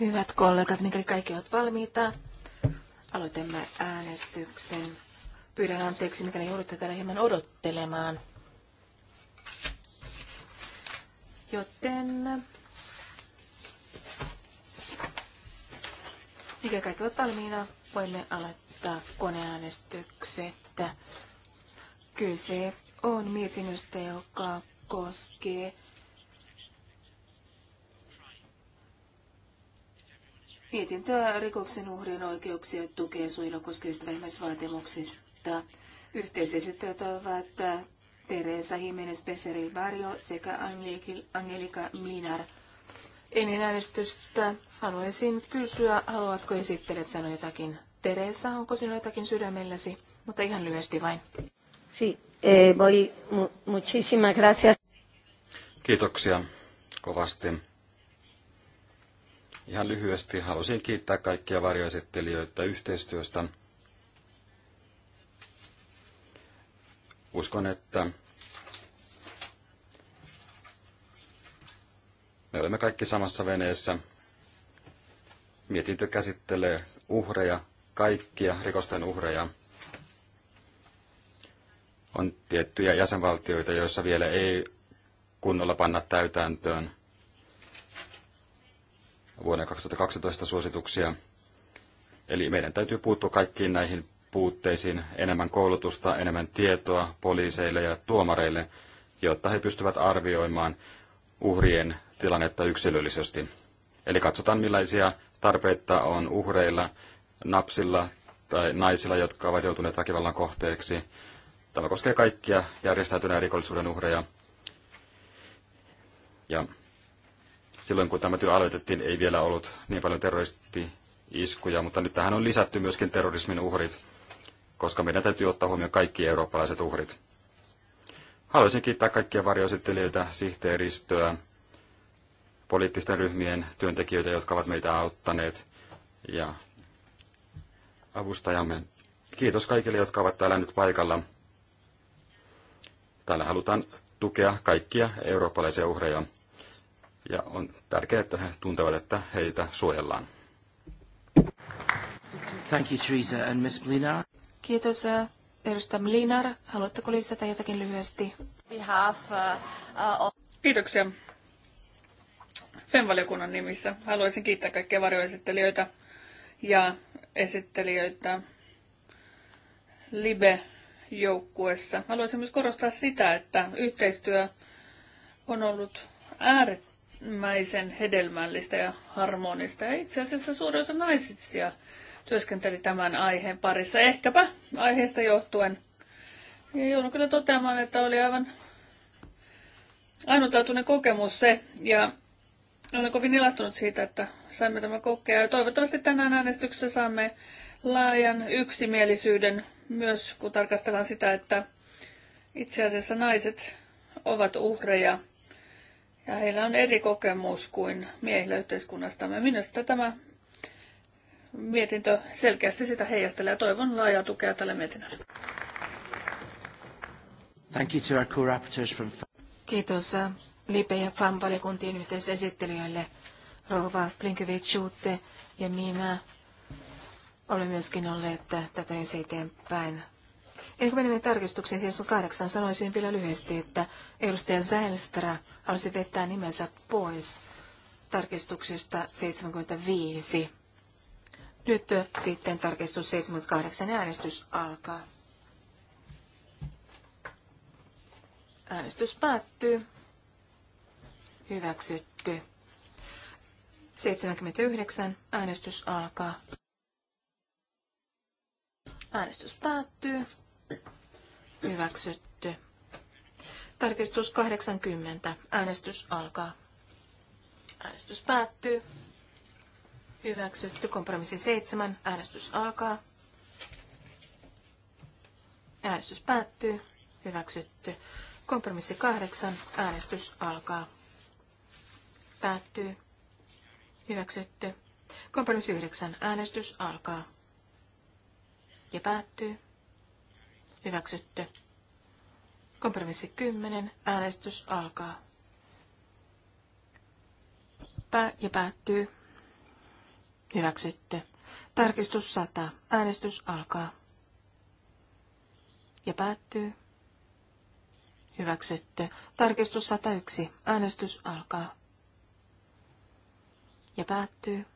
Hyvät kollegat, mikäli kaikki ovat valmiita, aloitamme äänestyksen. Pyydän anteeksi, mikäli joudutte täällä hieman odottelemaan. Joten mikäli kaikki ovat valmiina, voimme aloittaa koneäänestykset. Kyse on mietinnöstä, joka koskee mietintöä rikoksen uhrien oikeuksia tukee suojelua koskevista vähimmäisvaatimuksista. Yhteisesittäjät ovat Teresa Jiménez Becerril Barrio sekä Angelika Minar. Ennen äänestystä haluaisin kysyä, haluatko esittelijät sanoa jotakin? Teresa, onko sinulla jotakin sydämelläsi? Mutta ihan lyhyesti vain. Si, eh, voi, mu, muchísimas gracias. Kiitoksia kovasti Ihan lyhyesti halusin kiittää kaikkia varjoesittelijöitä yhteistyöstä. Uskon, että me olemme kaikki samassa veneessä. Mietintö käsittelee uhreja, kaikkia rikosten uhreja. On tiettyjä jäsenvaltioita, joissa vielä ei kunnolla panna täytäntöön vuonna 2012 suosituksia. Eli meidän täytyy puuttua kaikkiin näihin puutteisiin, enemmän koulutusta, enemmän tietoa poliiseille ja tuomareille, jotta he pystyvät arvioimaan uhrien tilannetta yksilöllisesti. Eli katsotaan millaisia tarpeita on uhreilla, napsilla tai naisilla, jotka ovat joutuneet väkivallan kohteeksi. Tämä koskee kaikkia järjestäytyneen rikollisuuden uhreja. Ja silloin kun tämä työ aloitettiin, ei vielä ollut niin paljon terroristi-iskuja, mutta nyt tähän on lisätty myöskin terrorismin uhrit, koska meidän täytyy ottaa huomioon kaikki eurooppalaiset uhrit. Haluaisin kiittää kaikkia varjoesittelijöitä, sihteeristöä, poliittisten ryhmien työntekijöitä, jotka ovat meitä auttaneet ja avustajamme. Kiitos kaikille, jotka ovat täällä nyt paikalla. Täällä halutaan tukea kaikkia eurooppalaisia uhreja. Ja on tärkeää, että he tuntevat, että heitä suojellaan. Thank you, Teresa and Miss Blinar. Kiitos, äh, edustaja Blinar. Haluatteko lisätä jotakin lyhyesti? Behalf, uh, uh Kiitoksia. FEM-valiokunnan nimissä haluaisin kiittää kaikkia varjoesittelijöitä ja esittelijöitä Libe-joukkuessa. Haluaisin myös korostaa sitä, että yhteistyö on ollut äärettömän äärimmäisen hedelmällistä ja harmonista. Ja itse asiassa suurin osa naisista työskenteli tämän aiheen parissa, ehkäpä aiheesta johtuen. Ja joudun kyllä toteamaan, että oli aivan ainutlaatuinen kokemus se, ja olen kovin ilahtunut siitä, että saimme tämän kokea. Ja toivottavasti tänään äänestyksessä saamme laajan yksimielisyyden myös, kun tarkastellaan sitä, että itse asiassa naiset ovat uhreja ja heillä on eri kokemus kuin miehillä yhteiskunnastamme. Minusta tämä mietintö selkeästi sitä heijastelee ja toivon laajaa tukea tälle mietinnölle. Thank you to our co-rapporteurs from... Kiitos äh, Lipe ja FAM-valiokuntien yhteisesittelijöille. Rova plinkovic ja minä olemme myöskin olleet äh, tätä eteenpäin Ennen kuin menemme tarkistukseen 78, siis sanoisin vielä lyhyesti, että edustaja Zälstra halusi vetää nimensä pois tarkistuksesta 75. Nyt sitten tarkistus 78 äänestys alkaa. Äänestys päättyy. Hyväksytty. 79. Äänestys alkaa. Äänestys päättyy. Hyväksytty. Tarkistus 80. Äänestys alkaa. Äänestys päättyy. Hyväksytty. Kompromissi 7. Äänestys alkaa. Äänestys päättyy. Hyväksytty. Kompromissi 8. Äänestys alkaa. Päättyy. Hyväksytty. Kompromissi 9. Äänestys alkaa. Ja päättyy. Hyväksytty. Kompromissi 10. Äänestys alkaa. Pää ja päättyy. Hyväksytty. Tarkistus 100. Äänestys alkaa. Ja päättyy. Hyväksytty. Tarkistus 101. Äänestys alkaa. Ja päättyy.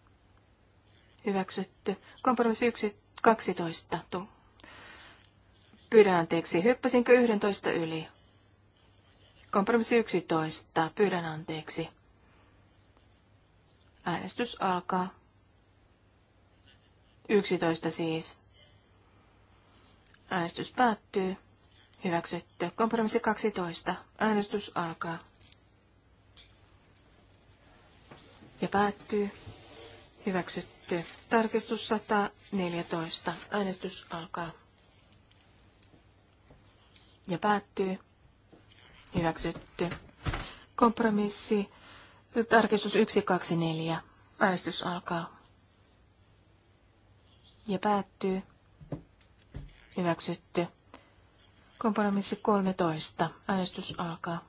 Hyväksytty. Kompromissi 1. 12. Pyydän anteeksi, hyppäsinkö 11 yli? Kompromissi 11. Pyydän anteeksi. Äänestys alkaa. 11 siis. Äänestys päättyy. Hyväksytty. Kompromissi 12. Äänestys alkaa. Ja päättyy. Hyväksytty. Tarkistus 114. Äänestys alkaa ja päättyy. Hyväksytty. Kompromissi. Tarkistus 124. Äänestys alkaa. Ja päättyy. Hyväksytty. Kompromissi 13. Äänestys alkaa.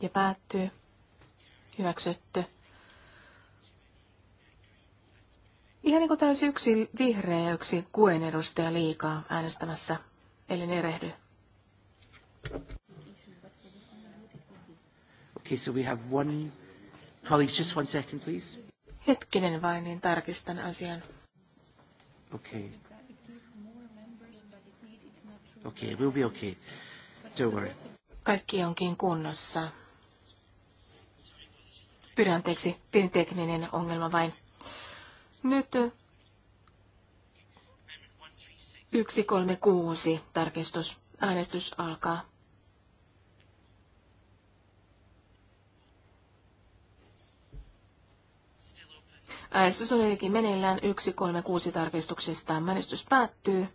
Ja päättyy. Hyväksytty. Ihan niin kuin täällä olisi yksi vihreä ja yksi kuen edustaja liikaa äänestämässä, eli ne erehdy. Okay, so we have one... Colleagues, just one second, please. Hetkinen vain, niin tarkistan asian. Okay. Okay, we'll be okay. Don't worry. Kaikki onkin kunnossa. Pyydän anteeksi, pieni tekninen ongelma vain. Nyt 136 tarkistus. Äänestys alkaa. Äänestys on edelleenkin meneillään 136 tarkistuksesta. Äänestys päättyy.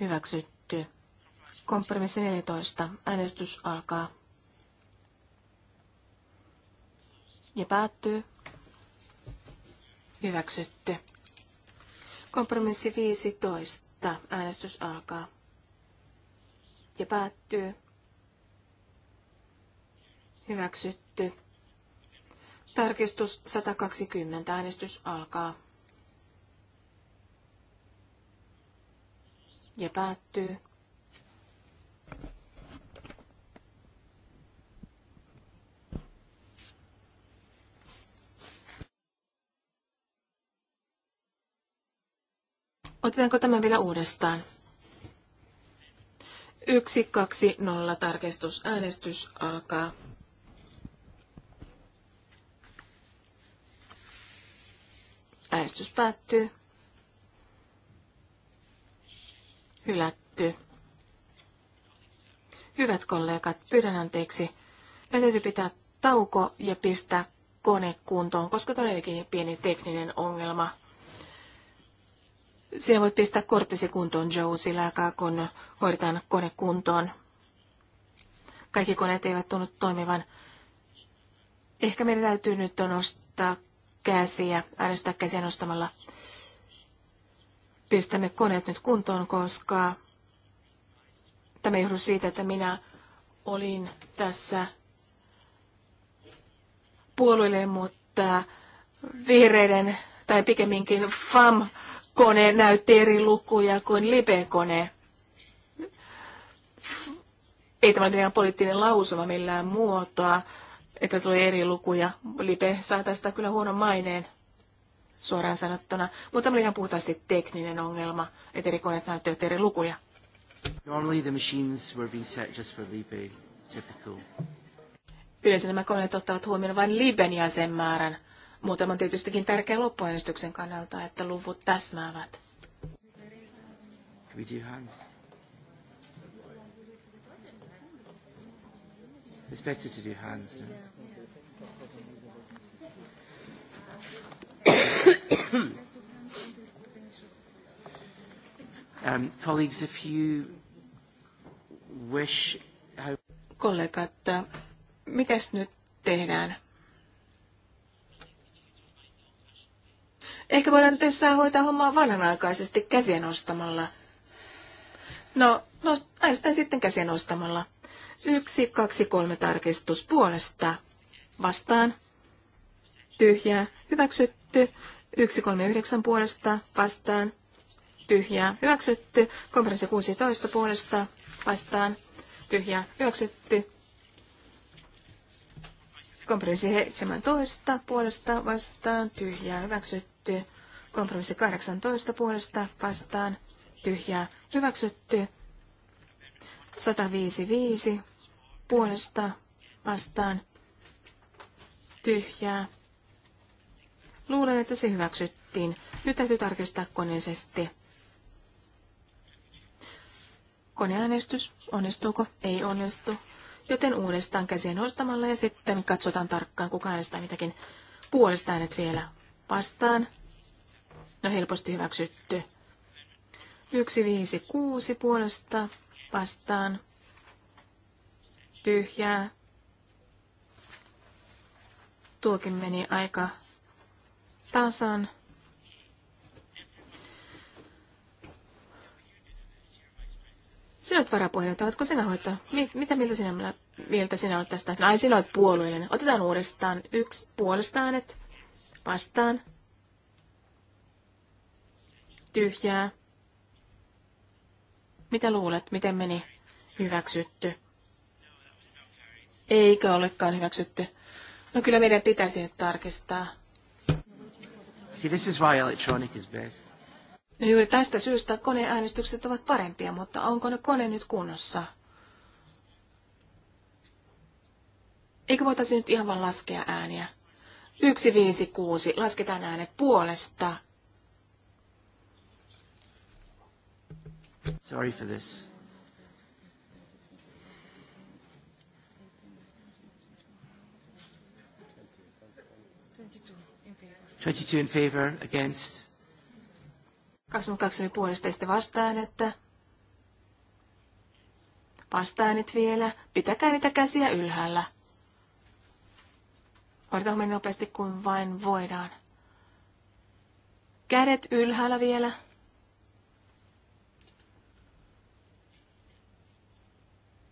Hyväksytty. Kompromissi 14. Äänestys alkaa. Ja päättyy. Hyväksytty. Kompromissi 15. Äänestys alkaa. Ja päättyy. Hyväksytty. Tarkistus 120. Äänestys alkaa. Ja päättyy. Otetaanko tämä vielä uudestaan? 120 tarkistus. Äänestys alkaa. Äänestys päättyy. Hylätty. Hyvät kollegat, pyydän anteeksi. Me täytyy pitää tauko ja pistää kone kuntoon, koska todellakin pieni tekninen ongelma sinä voit pistää korttisi kuntoon, Joe, sillä aikaa, kun hoidetaan kone kuntoon. Kaikki koneet eivät tunnu toimivan. Ehkä meidän täytyy nyt nostaa käsiä, äänestää käsiä nostamalla. Pistämme koneet nyt kuntoon, koska tämä johdu siitä, että minä olin tässä puolueelle, mutta vihreiden tai pikemminkin FAM kone näytti eri lukuja kuin Libe-kone. Ei tämä ole poliittinen lausuma millään muotoa, että tuli eri lukuja. Libe saa tästä kyllä huonon maineen suoraan sanottuna, mutta tämä oli ihan puhtaasti tekninen ongelma, että eri koneet näyttävät eri lukuja. Yleensä nämä koneet ottavat huomioon vain Liben jäsenmäärän. Muutama on tietystikin tärkeä loppuäänestyksen kannalta, että luvut täsmäävät. hands. um, colleagues, if you wish... Kollegat, mitäs nyt tehdään? Ehkä voidaan tässä hoitaa hommaa vanhanaikaisesti käsien nostamalla. No, nost- sitten käsien nostamalla. Yksi, kaksi, kolme tarkistus puolesta. Vastaan. Tyhjää. Hyväksytty. Yksi, kolme, yhdeksän puolesta. Vastaan. Tyhjää. Hyväksytty. Kompromissi 16 puolesta. Vastaan. Tyhjää. Hyväksytty. Kompromissi 17 puolesta vastaan tyhjää hyväksytty hyväksytty. Kompromissi 18 puolesta vastaan tyhjää hyväksytty. 155 puolesta vastaan tyhjää. Luulen, että se hyväksyttiin. Nyt täytyy tarkistaa koneisesti. Koneäänestys. Onnistuuko? Ei onnistu. Joten uudestaan käsiä nostamalla ja sitten katsotaan tarkkaan, kuka äänestää mitäkin. Puolesta äänet vielä vastaan. No helposti hyväksytty. 156 puolesta vastaan. Tyhjää. Tuokin meni aika tasan. Sinä olet varapuheenjohtaja, oletko sinä hoitaa? mitä miltä sinä, mieltä sinä olet tästä? No, ai sinä olet puolueellinen. Otetaan uudestaan yksi puolesta äänet vastaan, tyhjää. Mitä luulet, miten meni hyväksytty? Eikö olekaan hyväksytty? No kyllä meidän pitäisi nyt tarkistaa. See, this is why electronic is best. No juuri tästä syystä koneäänestykset ovat parempia, mutta onko ne kone nyt kunnossa? Eikö voitaisiin nyt ihan vain laskea ääniä? kuusi. Lasketaan äänet puolesta. Sorry for this. Twenty-two in favor, against. 22 puolesta sitten vastaan, että vastaan nyt vielä. Pitäkää niitä käsiä ylhäällä. Hoidetaan me nopeasti kuin vain voidaan. Kädet ylhäällä vielä.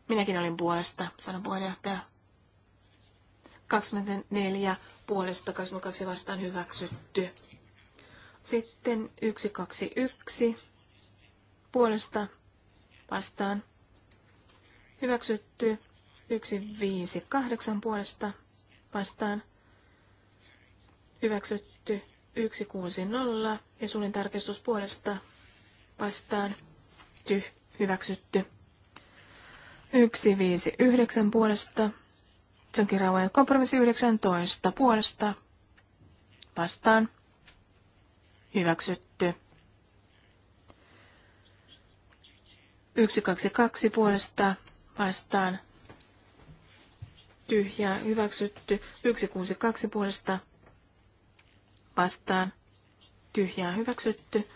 Minäkin olin puolesta, sanon puheenjohtaja. 24 puolesta, 22 vastaan hyväksytty. Sitten 121 puolesta vastaan hyväksytty. 158 puolesta vastaan Hyväksytty 160 ja sulin tarkistus puolesta vastaan. Ty, hyväksytty. 159 puolesta. Se onkin rauhan kompromissi 19 puolesta. Vastaan. Hyväksytty. 122 puolesta vastaan. Tyhjää hyväksytty. 162 puolesta vastaan tyhjää hyväksytty.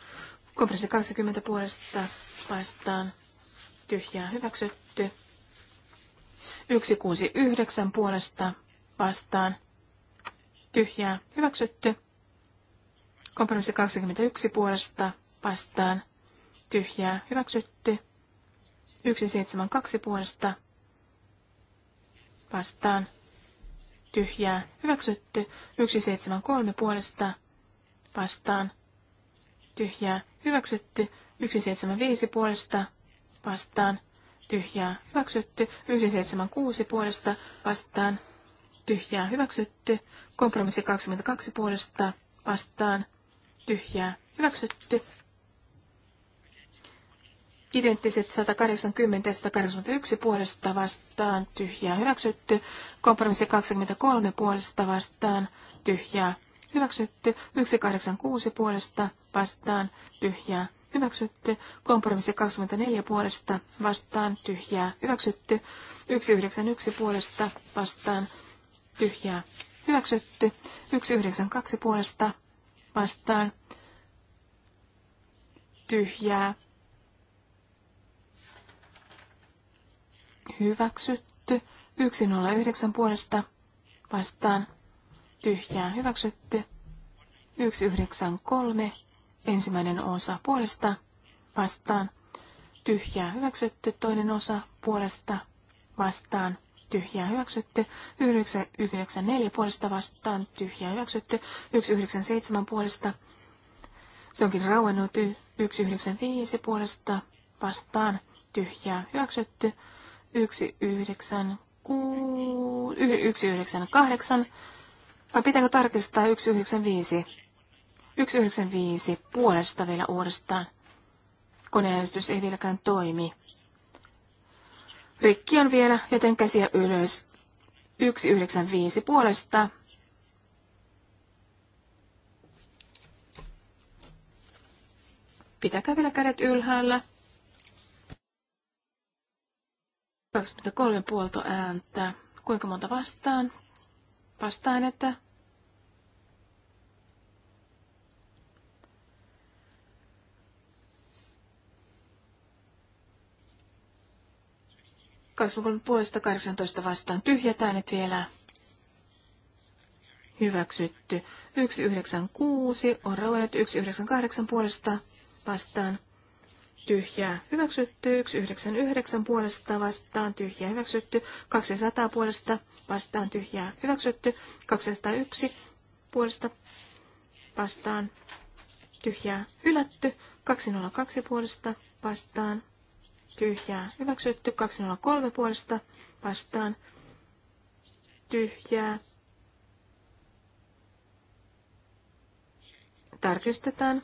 Kompressi 20 puolesta vastaan tyhjää hyväksytty. 169 puolesta vastaan tyhjää hyväksytty. Kompromissi 21 puolesta vastaan tyhjää hyväksytty. 172 puolesta vastaan tyhjää, hyväksytty. 173 puolesta vastaan, tyhjää, hyväksytty. 175 puolesta vastaan, tyhjää, hyväksytty. 176 puolesta vastaan, tyhjää, hyväksytty. Kompromissi 22 puolesta vastaan, tyhjää, hyväksytty identtiset 180 ja 181 puolesta vastaan tyhjää hyväksytty. Kompromissi 23 puolesta vastaan tyhjää hyväksytty. 186 puolesta vastaan tyhjää hyväksytty. Kompromissi 24 puolesta vastaan tyhjää hyväksytty. 191 puolesta vastaan tyhjää hyväksytty. 192 puolesta vastaan tyhjää hyväksytty. 109 puolesta vastaan tyhjää hyväksytty. 193 ensimmäinen osa puolesta vastaan tyhjää hyväksytty. Toinen osa puolesta vastaan tyhjää hyväksytty. neljä puolesta vastaan tyhjää hyväksytty. 197 puolesta se onkin rauennut 195 puolesta vastaan tyhjää hyväksytty. 198, vai pitääkö tarkistaa 195? 195 puolesta vielä uudestaan. Koneäänestys ei vieläkään toimi. Rikki on vielä, joten käsiä ylös. 195 puolesta. Pitäkää vielä kädet ylhäällä. 23 puolto ääntä. Kuinka monta vastaan? Vastaan, että Kasvukon puolesta 18 vastaan tyhjät äänet vielä. Hyväksytty. 196 on rauennut 198 puolesta vastaan tyhjää hyväksytty, 199 puolesta vastaan tyhjää hyväksytty, 200 puolesta vastaan tyhjää hyväksytty, 201 puolesta vastaan tyhjää hylätty, 202 puolesta vastaan tyhjää hyväksytty, 203 puolesta vastaan tyhjää. Tarkistetaan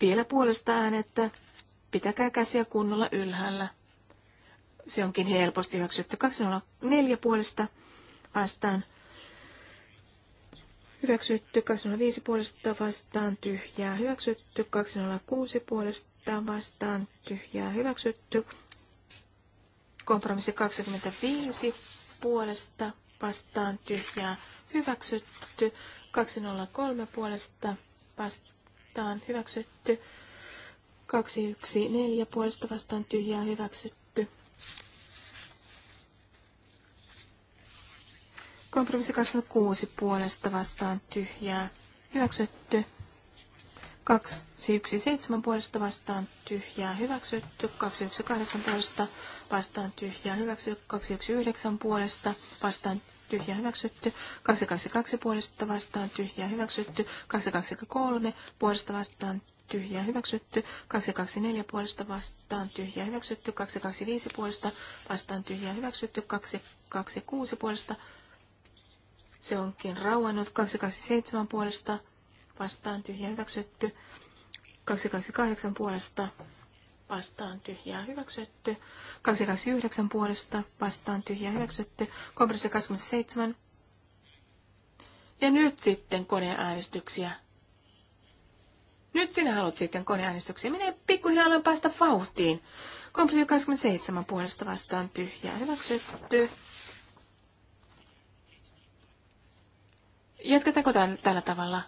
vielä puolestaan, että Pitäkää käsiä kunnolla ylhäällä. Se onkin helposti hyväksytty. 204 puolesta vastaan. Hyväksytty 205 puolesta vastaan tyhjää. Hyväksytty 206 puolesta vastaan tyhjää. Hyväksytty kompromissi 25 puolesta vastaan tyhjää. Hyväksytty 203 puolesta vastaan vastaan hyväksytty. 214 puolesta vastaan tyhjää hyväksytty. Kompromissi 26 puolesta vastaan tyhjää hyväksytty. 217 puolesta vastaan tyhjää hyväksytty, 218 puolesta vastaan tyhjää hyväksytty, 219 puolesta vastaan tyhjä hyväksytty. 222 puolesta vastaan tyhjä hyväksytty. 223 puolesta vastaan tyhjä hyväksytty. 224 puolesta vastaan tyhjä hyväksytty. 225 puolesta vastaan tyhjä hyväksytty. 226 puolesta se onkin rauhannut, 227 puolesta vastaan tyhjä hyväksytty. 228 puolesta vastaan tyhjää hyväksytty. 229 puolesta vastaan tyhjää hyväksytty. Kompromissi 27. Ja nyt sitten koneäänestyksiä. Nyt sinä haluat sitten koneäänestyksiä. Minä pikkuhiljaa aloin päästä vauhtiin. Kompressio 27 puolesta vastaan tyhjää hyväksytty. Jatketaanko tällä tavalla?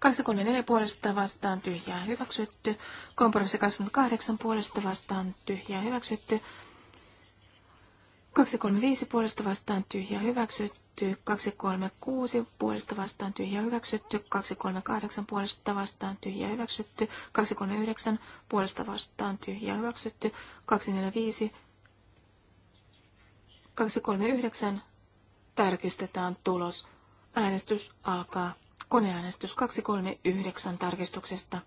234 puolesta vastaan tyhjää hyväksytty. Kompromissi 28 puolesta vastaan tyhjää hyväksytty. 235 puolesta vastaan tyhjää hyväksytty. 236 puolesta vastaan tyhjää hyväksytty. 238 puolesta vastaan tyhjää hyväksytty. 239 puolesta vastaan tyhjää hyväksytty. 245 239 tarkistetaan tulos. Äänestys alkaa. Koneäänestys 239 tarkistuksesta.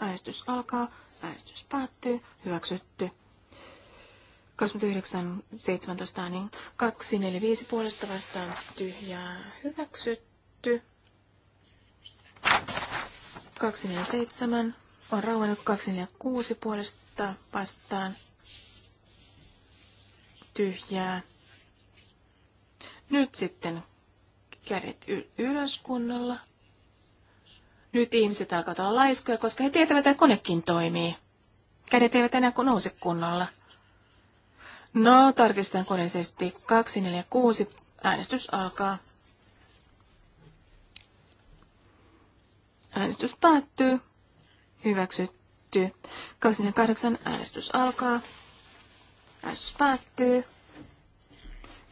Äänestys alkaa, äänestys päättyy, hyväksytty. 29, 17 niin 2, 4, 5 puolesta vastaan, tyhjää, hyväksytty. 2, 4, 7 on rauhannut, 2, 4, 6 puolesta vastaan, tyhjää. Nyt sitten kädet ylös kunnolla. Nyt ihmiset alkavat olla laiskoja, koska he tietävät, että konekin toimii. Kädet eivät enää kun nouse kunnolla. No, tarkistetaan koneisesti. 246. Äänestys alkaa. Äänestys päättyy. Hyväksytty. 28. Äänestys alkaa. Äänestys päättyy.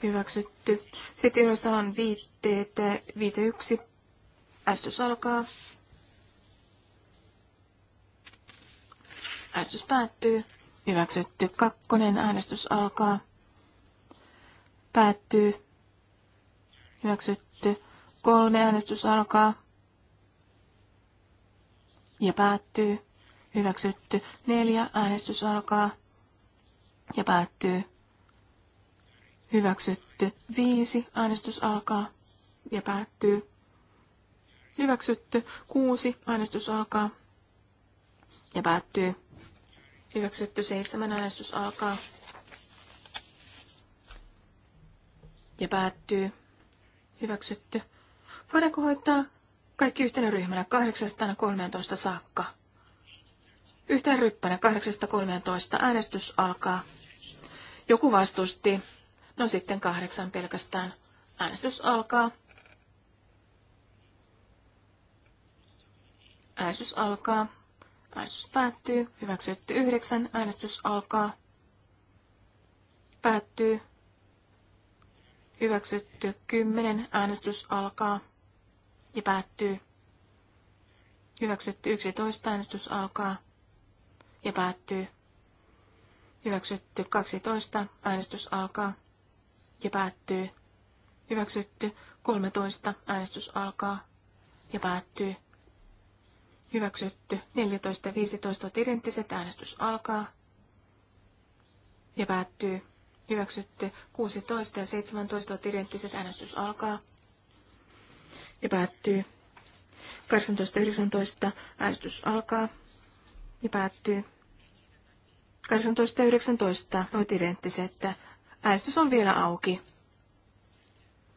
Hyväksytty. Sitten on viitteet. Viite yksi. Äänestys alkaa. Äänestys päättyy. Hyväksytty. Kakkonen. Äänestys alkaa. Päättyy. Hyväksytty. Kolme. Äänestys alkaa. Ja päättyy. Hyväksytty. Neljä. Äänestys alkaa. Ja päättyy. Hyväksytty. Viisi. Äänestys alkaa. Ja päättyy. Hyväksytty. Kuusi. Äänestys alkaa. Ja päättyy. Hyväksytty seitsemän äänestys alkaa. Ja päättyy. Hyväksytty. Voidaanko hoitaa kaikki yhtenä ryhmänä 813 saakka? Yhteen ryppänä 813 äänestys alkaa. Joku vastusti. No sitten kahdeksan pelkästään. Äänestys alkaa. Äänestys alkaa. Äänestys päättyy. Hyväksytty yhdeksän. Äänestys alkaa. Päättyy. Hyväksytty kymmenen. Äänestys alkaa ja päättyy. Hyväksytty yksitoista. Äänestys alkaa ja päättyy. Hyväksytty 12. Äänestys alkaa ja päättyy. Hyväksytty 13. Äänestys alkaa ja päättyy. Hyväksytty. 14 ja 15 identtiset. Äänestys alkaa ja päättyy. Hyväksytty. 16 ja 17 ovat identtiset. Äänestys alkaa ja päättyy. 18 19 äänestys alkaa ja päättyy. 18 ja 19 ovat identtiset. Äänestys on vielä auki.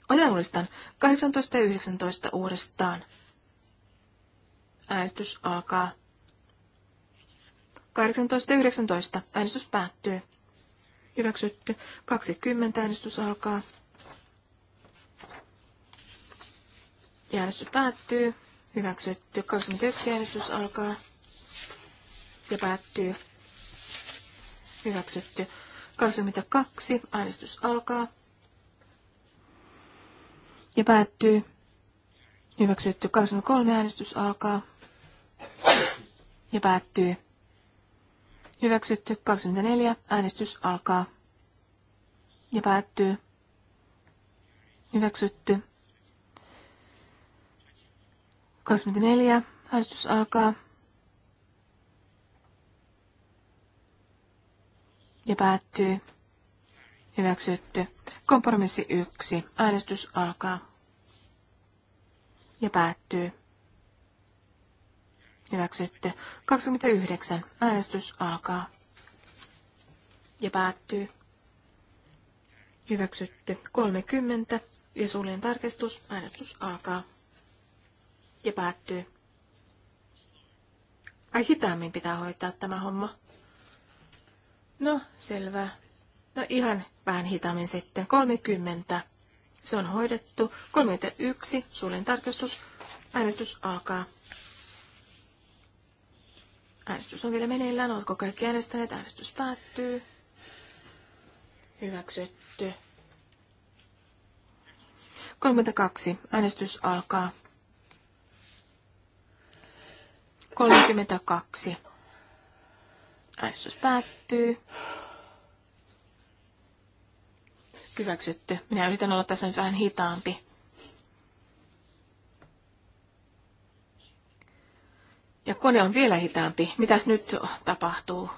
Otan uudestaan. 18 ja 19 uudestaan. Äänestys alkaa. 18.19. Äänestys päättyy. Hyväksytty. 20. Äänestys alkaa. Ja äänestys päättyy. Hyväksytty. 21. Äänestys alkaa. Ja päättyy. Hyväksytty. 22. Äänestys alkaa. Ja päättyy. Hyväksytty. 23. Äänestys alkaa ja päättyy. Hyväksytty 24. Äänestys alkaa ja päättyy. Hyväksytty. 24. Äänestys alkaa. Ja päättyy. Hyväksytty. Kompromissi 1. Äänestys alkaa. Ja päättyy. Hyväksytty. 29. Äänestys alkaa. Ja päättyy. Hyväksytty. 30. Ja suljen tarkistus. Äänestys alkaa. Ja päättyy. Ai hitaammin pitää hoitaa tämä homma. No, selvä. No ihan vähän hitaammin sitten. 30. Se on hoidettu. 31. Suljen tarkistus. Äänestys alkaa Äänestys on vielä meneillään. Oletko kaikki äänestäneet? Äänestys päättyy. Hyväksytty. 32. Äänestys alkaa. 32. Äänestys päättyy. Hyväksytty. Minä yritän olla tässä nyt vähän hitaampi. Ja kone on vielä hitaampi. Mitäs nyt tapahtuu?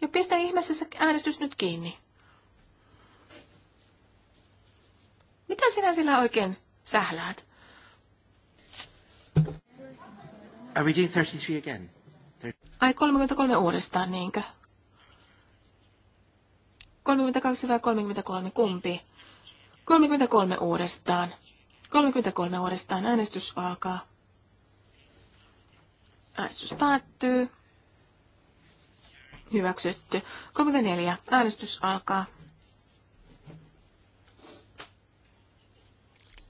Ja pistä ihmeessä se äänestys nyt kiinni. Mitä sinä sillä oikein sählät? Are we doing 33 again? Ai 33 uudestaan, niinkö? 32 vai 33, kumpi? 33 uudestaan. 33 vuodestaan äänestys alkaa. Äänestys päättyy. Hyväksytty. 34. Äänestys alkaa.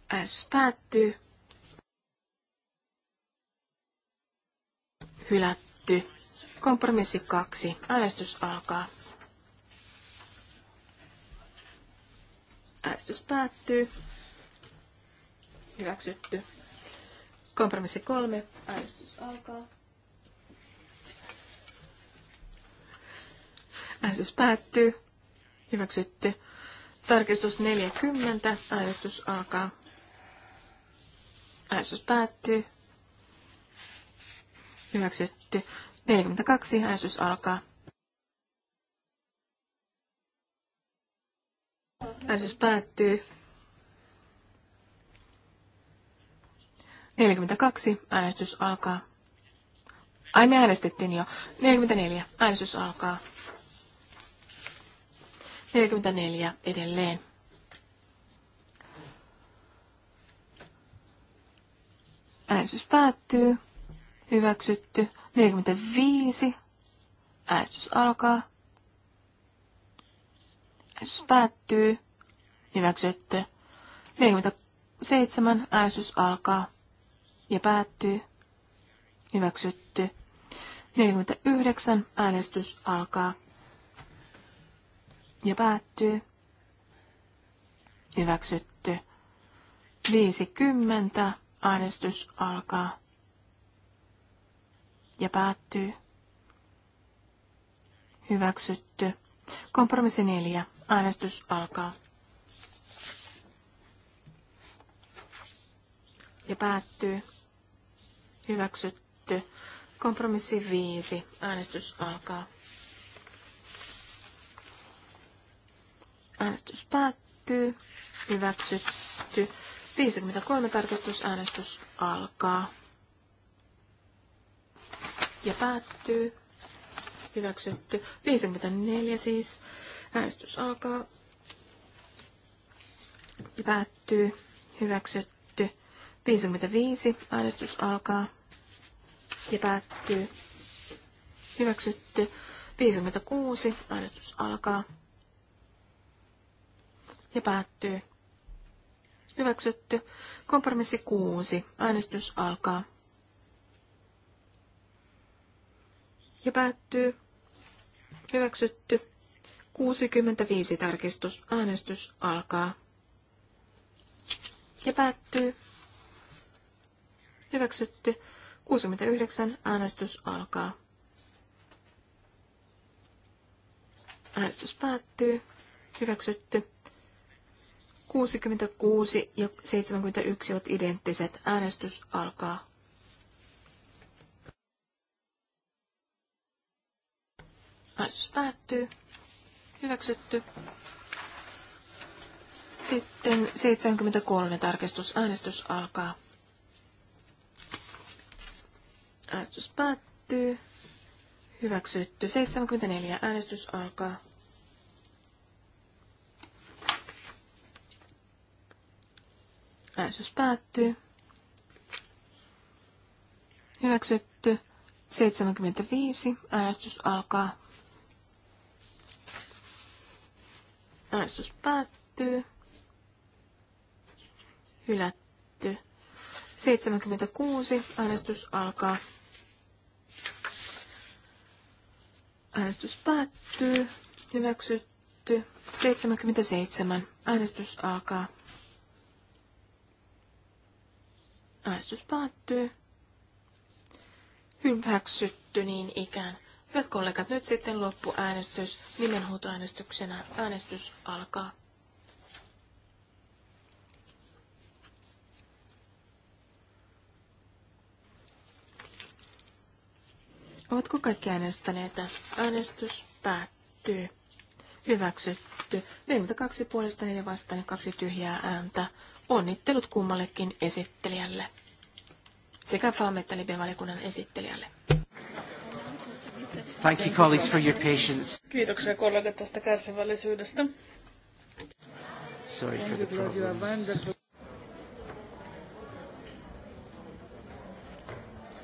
Äänestys päättyy. Hylätty. Kompromissi 2. Äänestys alkaa. Äänestys päättyy. Hyväksytty. Kompromissi kolme. Äänestys alkaa. Äänestys päättyy. Hyväksytty. Tarkistus 40. Äänestys alkaa. Äänestys päättyy. Hyväksytty. 42. Äänestys alkaa. Äänestys päättyy. 42. Äänestys alkaa. Ai me äänestettiin jo. 44. Äänestys alkaa. 44 edelleen. Äänestys päättyy. Hyväksytty. 45. Äänestys alkaa. Äänestys päättyy. Hyväksytty. 47. Äänestys alkaa ja päättyy. Hyväksytty. 49 äänestys alkaa ja päättyy. Hyväksytty. 50 äänestys alkaa ja päättyy. Hyväksytty. Kompromissi 4. Äänestys alkaa. Ja päättyy. Hyväksytty. Kompromissi 5. Äänestys alkaa. Äänestys päättyy. Hyväksytty. 53 tarkistusäänestys alkaa. Ja päättyy. Hyväksytty. 54 siis. Äänestys alkaa. Ja päättyy. Hyväksytty. 55. Äänestys alkaa ja päättyy. Hyväksytty. 56. Äänestys alkaa ja päättyy. Hyväksytty. Kompromissi 6. Äänestys alkaa. Ja päättyy. Hyväksytty. 65 tarkistus. Äänestys alkaa. Ja päättyy. Hyväksytty. 69. Äänestys alkaa. Äänestys päättyy. Hyväksytty. 66 ja 71 ovat identtiset. Äänestys alkaa. Äänestys päättyy. Hyväksytty. Sitten 73 tarkistus. Äänestys alkaa. Äänestys päättyy. Hyväksytty. 74. Äänestys alkaa. Äänestys päättyy. Hyväksytty. 75. Äänestys alkaa. Äänestys päättyy. Hylätty. 76. Äänestys alkaa. Äänestys päättyy. Hyväksytty. 77. Äänestys alkaa. Äänestys päättyy. Hyväksytty niin ikään. Hyvät kollegat, nyt sitten loppu. Äänestys nimenhuutoäänestyksenä. Äänestys alkaa. Ovatko kaikki äänestäneet? Äänestys päättyy. Hyväksytty. 42 puolesta ja vastaan kaksi tyhjää ääntä. Onnittelut kummallekin esittelijälle. Sekä FAM että Libe-valikunnan esittelijälle. Thank you colleagues for your patience. Kiitoksia kollegat tästä kärsivällisyydestä. Sorry for the problems.